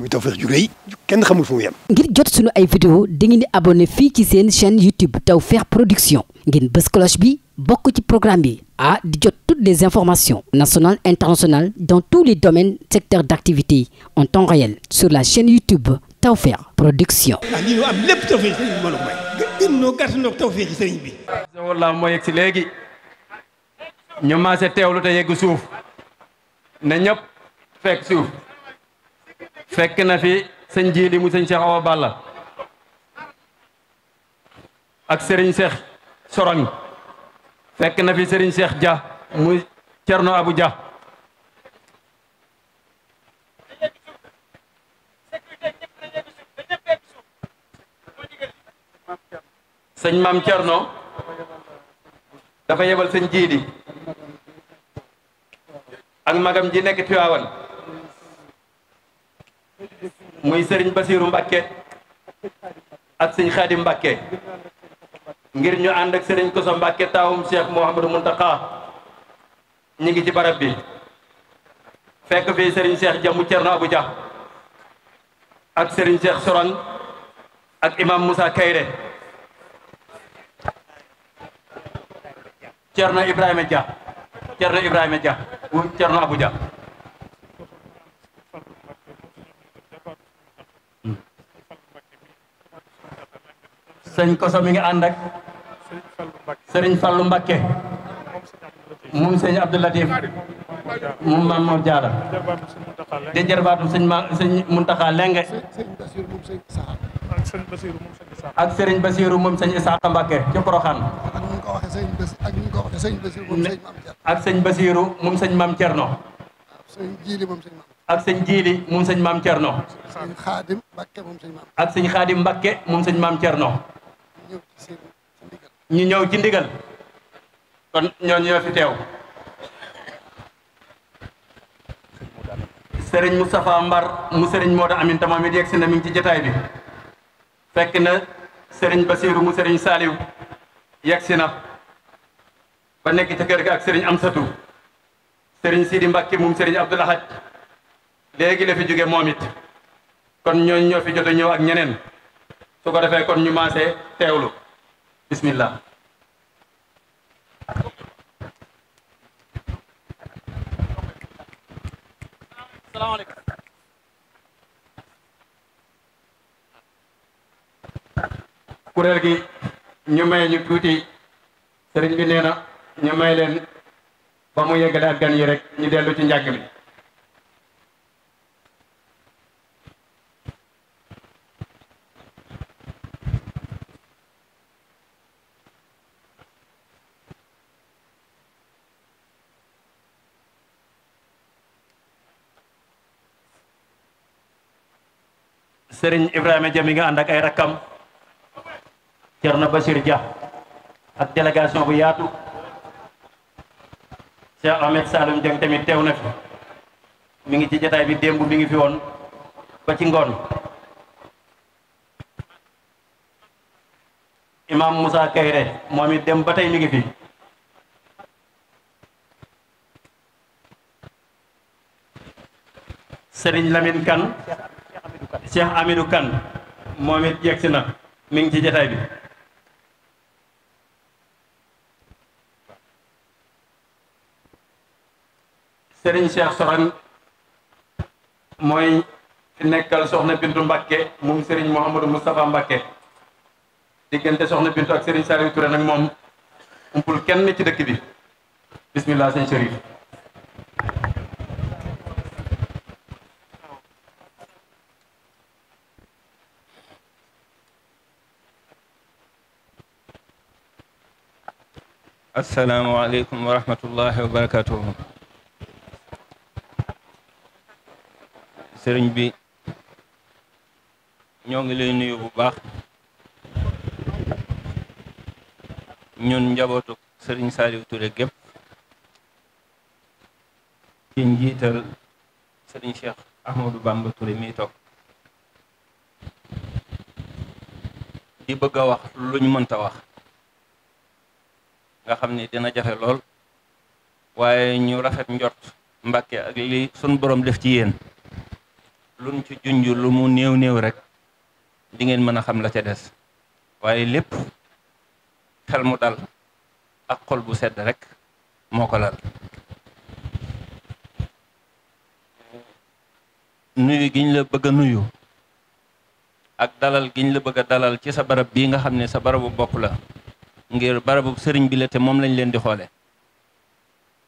muy Tawfekh ju rëy ngir jot sunu ay vidéo dangeen di abonné fii ci seen chaîne YouTube Tawfekh Production ngeen bës cloche bi bokk ci programme bi ah di jot toutes les informations nationale internationales dans tous les domaines secteurs d'activité en temps réel sur la chaîne YouTube Tawfekh Production. ah lii ñu am lépp Tawfekh sëriñ bi mën a may. gën ñoo gàtt ñoo Tawfekh bi. wallaahi moo yegg si léegi ñu maase teewlu te yegg suuf. fekk na fi sëñ jiili mu sëñ Cheikh Awa Balla ak sëriñ seex Sorong fekk na fi sëriñ seex Dia mu Cerno Abu ja sëñ maam Cerno dafa yebal sëñ jiili ak magam ji nekk Tiwaawan muy sëriñ Basiiru Mbàkke ak sëñ Xaadim Mbàkke ngir ñu ànd ak sëriñ Koso Mbàkke taawum Cheikh Mouhamadou Mountakha ñi ngi ci barab bi fekk fii sëriñ Cheikh Jamu Cerno Abu Dia ak sëriñ Cheikh Soran ak imam Moussa Kayre Cerno Ibrahima Dia Cerno Ibrahima Dia wu Cerno sëñ Koso mi ngi ànd ak Serigne Fallou Mbakke moom sëñ Abdou Latif moom maam Mor Diarra di jërbaatu sëñ Muntaxa Lenge ak Serigne Basiru moom sëñ Isaaka Mbakke ci Poroxaan ak sëñ Basiru moom sëñ Maam Cerno ak sëñ Jiili moom sëñ Maam Cerno ak sëñ Xaadim Mbakke moom sëñ Maam Cerno ñu ñëw ci kon ñooñu ñoo fi teew sëriñ Moustapha Mbar mu sëriñ Moodu Aminta moom it na mi ngi ci jotaay bi fekk na sëriñ Basiiru mu sëriñ Saaliw yegsi na ba nekk ca kër ga ak sëriñ Amsatu sëriñ Sidi Mbàkke moom sëriñ Abdul Ahad léegi la fi jóge moom kon ñooñu ñoo fi jot a ñëw ak ñeneen su ko defee kon ñu maasee teewlu bismillah salaamaaleykum gi ñu may ñu tuuti sëriñ bi nee ñu may leen ba mu yeggale daal gan yi rek ñu dellu ci njàng mi sëriñ Ibrahima Dia mi nga ànd ak ay rakkam Thierno Bachir Dia ak délégation bu yaatu Cheikh Ahmed Saloum Dieng tamit teew na fi mi ngi ci jotaay bi démb mi ngi fi woon ba ci ngoon imam Moussa Kayre moom it dem ba tey mi ngi fi sëriñ Lamine Cheikh Amidou Kane moom it yegsi na mi ngi ci jataay bi Serigne Cheikh Soran mooy fi nekkal soxna Bintu Mbacke moom Serigne Mouhamadou Moustapha Mbacke diggante soxna Bintu ak Serigne Saliou Touré nag moom umpul kenn ci dëkk bi bismillah sëñ Chérif asalaamualeykum wa rahmatullahi wa barakatuhu sëriñ bi ñoo ngi lay nuyu bu baax ñun njabootu sëriñ Saliou Touré gépp ci njiital sëriñ Cheikh Ahmadou Bamba Touré mi toog di bëgg a wax luñ mënta wax nga xam ni dina jafe lool waaye ñu rafet njot mbakke ak li sun boroom def ci yéen luñ ci junj lu mu néew néew rek di ngeen mën a xam la ca des waaye lépp xel mu dal ak xol bu sedd rek moo ko lal nuyu giñ la bëgg nuyu ak dalal giñ la bëgg a dalal ci sa barab bii nga xam ne sa barabu bopp la ngir barabu sëriñ bi la te moom lañ leen di xoole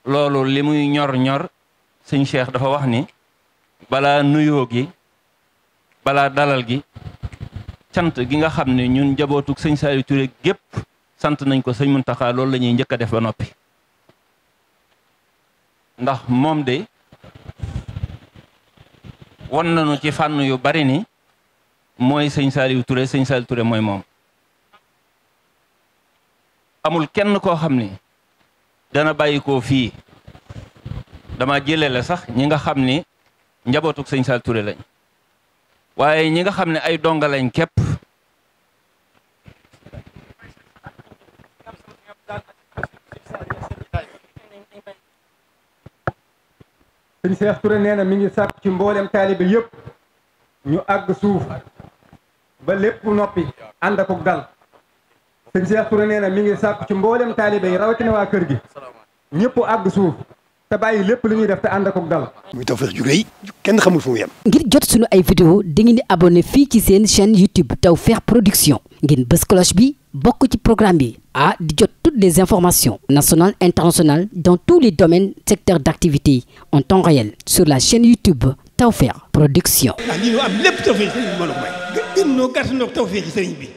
loolu li muy ñor-ñor sëñ Cheikh dafa wax ni balaa nuyoo gi balaa dalal gi cant gi nga xam ne ñun jabootug sëñ Saliou ture gépp sant nañ ko sëñ Mountakha loolu lañuy ñuy njëkk a def ba noppi ndax moom de won nañu ci fànn yu bari ni mooy sëñ Saliou ture sëñ Saliou Touré mooy moom amul kenn koo xam ni dana bàyyi koo fii dama jëlee la sax ñi nga xam ni njabootuk sëñ Sall Touré lañ waaye ñi nga xam ne ay donga lañ képp sëñ Cheikh Touré nee na mi ngi sàkk ci mboolem taalibe yépp ñu àgg suuf ba lépp noppi ànd ak dal sëñ Cheikh Touré nee na mi ngi sàpp ci mboolem taalibe yi rawatina waa kër gi ñëpp àgg suuf te bàyyi lépp lu ñuy def te ànd ak dal. muy Tawfekh ju rëy kenn xamul fu mu ngir jot suñu ay vidéo dangeen di abonné fii ci seen chaîne YouTube Tawfekh Production ngeen bës bi bokk ci programme bi a di jot toutes des informations national internationales dans tous les domaines secteurs d'activité en temps réel sur la chaîne YouTube Tawfekh Production. ah lii am lépp